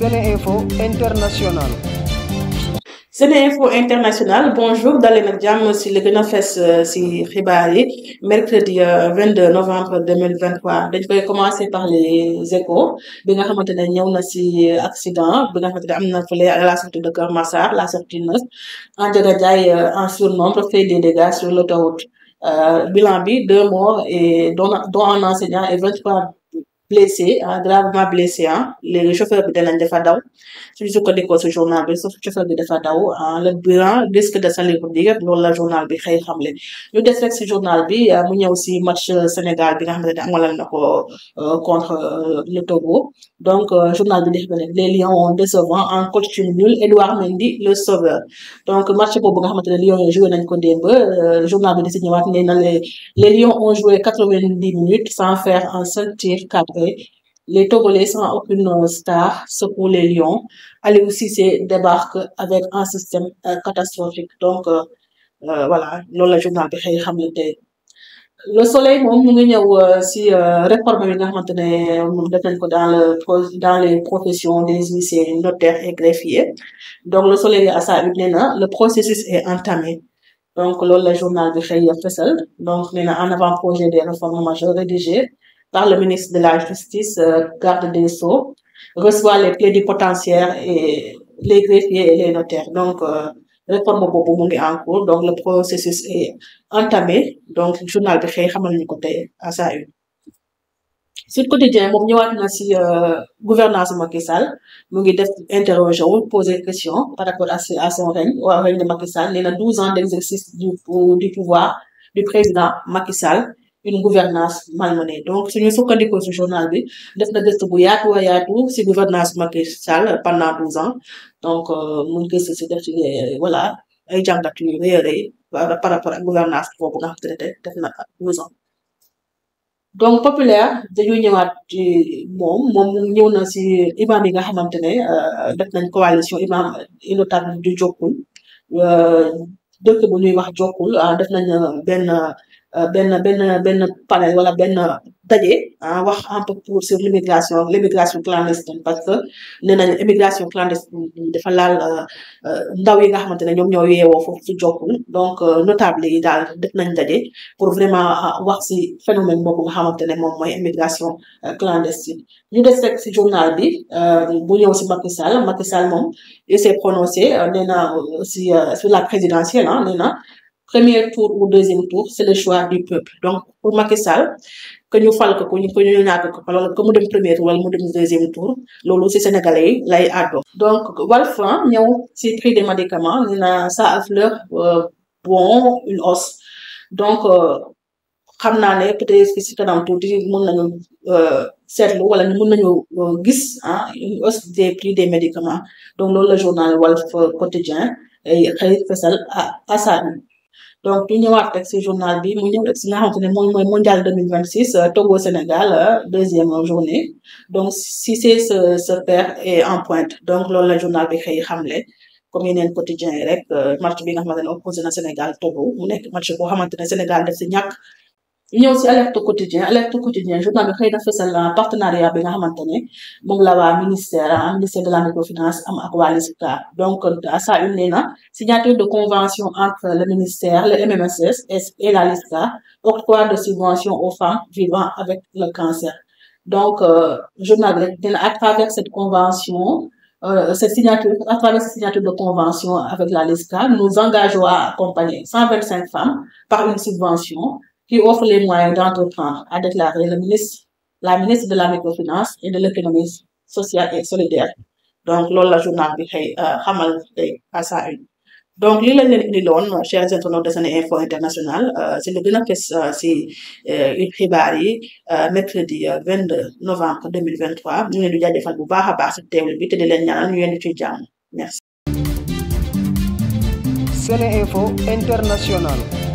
Seneinfo International Seneinfo International bonjour dalee na jàmm si li na a fes euh, si xibaar yi euh, deux mille novembre 2023 dañ koy commencé par les échos bi nga xamante ne ñëw na si euh, accident bi nga xamante ne am na fële à la sortie de Keur Massar la sortie 9 en Ndiaga Ndiaye en surnombre fait des dégâts sur l'autoroute bilan bi deux morts et dont un enseignant et 23 blessé ah gravement blessé ah léegi chauffeur bi danañ dafa daw suñu sukkandikoo le bilan risque de salir public yëpp loolu la journal bi xëy xamle ñu des rek si journal bi mu ñëw si match euh, Sénégal bi nga xam ne amalal na ko euh, contre euh, le Togo donc journal bi def ne les Lions ont décevant en coaching nul Edouard Mendy le sauveur donc match boobu nga xamante ne Lions yi joué nañ ko démb journal bi di si ñëwaat nee na les Lions quatre-vingt-dix minutes sans faire un seul accueil. Les Togolais sans aucune star secouent les lions. Aliou Cissé débarque avec un système euh, catastrophique. Donc, euh, euh loolu la journal bi xëy xam ne le soleil moom mu ngi ñëw euh, euh, réforme bi nga xamante ne moom def nañ ko dans le dans les professions des huissiers notaires et greffiers donc le soleil à sa une nee na le processus est entamé donc loolu la journal bi xëy donc nee na en avant projet des réformes majeures rédigé par le ministre de la Justice, euh, garde des Sceaux, reçoit les plaidés potentiaires et les et les notaires. Donc, euh, réforme boobu mu ngi en cours donc le processus est entamé donc journal bi xëy xamal ñu ko tey à sa une Sud Quotidien moom ñëwaat na si euh, gouvernance Macky Sall mu ngi def interroger wu poser question par rapport à son règne waa règne de Macky Sall douze ans d' du pouvoir du président Macky une gouvernance malmenée donc suñu sukkandikoo si journal bi def na gëstu bu yaatu a yaatu si gouvernance Macky Sall pendant douze ans donc euh, mu ngi gëstu euh, ay jàngat yu rëy a rëy par rapport na douze ans donc populaire dañu ñëwaat ci moom moom ñëw na si imam yi nga xamante ne euh, def nañ coalition imam inotable du jokkul dëkk bu ñuy wax jokkul ah, def nañ benn Euh, benn benn benn panel wala benn daje ah, wax un pour sur l'immigration l'immigration clandestine parce que nee nañu immigration clandestine defa laal euh, euh, ndaw yi nga xamante ne ñoom ñoo yeewoo foofu su jokkul donc notable yi daal def nañ daje pour vraiment wax si phénomène boobu nga xamante ne moom mooy immigration clandestine ñu des rek si journal bi bu ñëw si Macky Sall Macky Sall moom il s'est nee na si sur la présidentielle ah nee na premier tour deuxième tour c'est choix du peuple donc pour Macky Sall que ñu fal ko ko ñu ko ñu ñàkk ko que mu dem premier tour wala mu dem deuxième tour loolu ci sénégalais lay àddoo. donc Walfran ñëw ci prix des médicaments ñu na ça euh, bon une hausse donc euh, xam naa ne peut-être ci kanam tuuti mën nañu euh, seetlu wala mën nañu gis ah une hausse des prix des médicaments donc loolu la journal Walf quotidien xëy fesal à à donc ñu ñëwaat rek si journal bi mu ñëw rek moom mooy mondial 2026 euh, Togo Sénégal euh, deuxième journée donc Cissé se se perd et en pointe donc loolu la journal bi xëy xamle comme yeneen quotidien yi rek euh, match bi nga xamante ne opposé na Sénégal Togo mu nekk match boo xamante ne Sénégal def si ñàkk. ñëw si alerte quotidien journal bi xëy partenariat bi nga xamante ne moom la waa ministère ah, ministère de la microfinance am ak waa LISCA donc ça une nee na de convention entre le ministère le MMSS et la de subvention aux femmes vivant avec le cancer donc euh, journal bi rek nee na à travers cette convention Euh, cette signature, à travers cette signature de convention avec la LISCA, nous engageons à accompagner 125 femmes par une subvention qui offre les moyens d'entreprendre, a déclaré le ministre, la ministre de la microfinance et de l'économie sociale et solidaire. Donc, loolu la journal bi xëy euh, xamal tey à sa une donc li lañ leen indi loon chers internautes de Sene Info International euh, si lu gën a fës euh, si xibaar yi mercredi 22 novembre 2023 ñu ngi leen di jaajëfal bu baax a baax si teewlu bi te di leen ñaanal ñu yendu ci jàmm Sene Info International